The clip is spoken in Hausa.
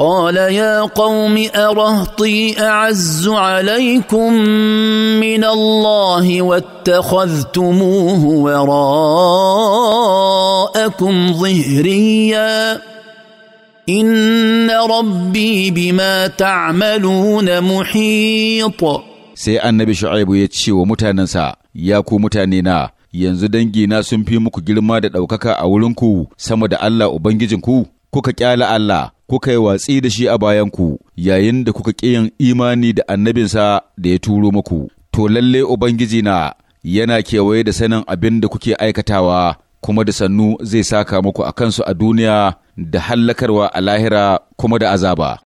قال يا قوم ارهطي اعز عليكم من الله واتخذتموه وراءكم ظهريا ان ربي بما تعملون محيط sai annabi shu'aibu ya ce wa mutanensa ya ku mutane na yanzu dangina sun fi muku girma da ɗaukaka a wurinku sama da allah ubangijinku kuka ƙyale Allah, kuka yi watsi da shi a bayanku, yayin da kuka ƙi yin imani da annabinsa da ya turo muku. To lalle Ubangiji na yana kewaye da sanin abin da kuke aikatawa, kuma da sannu zai saka muku a kansu a duniya da hallakarwa a lahira kuma da azaba.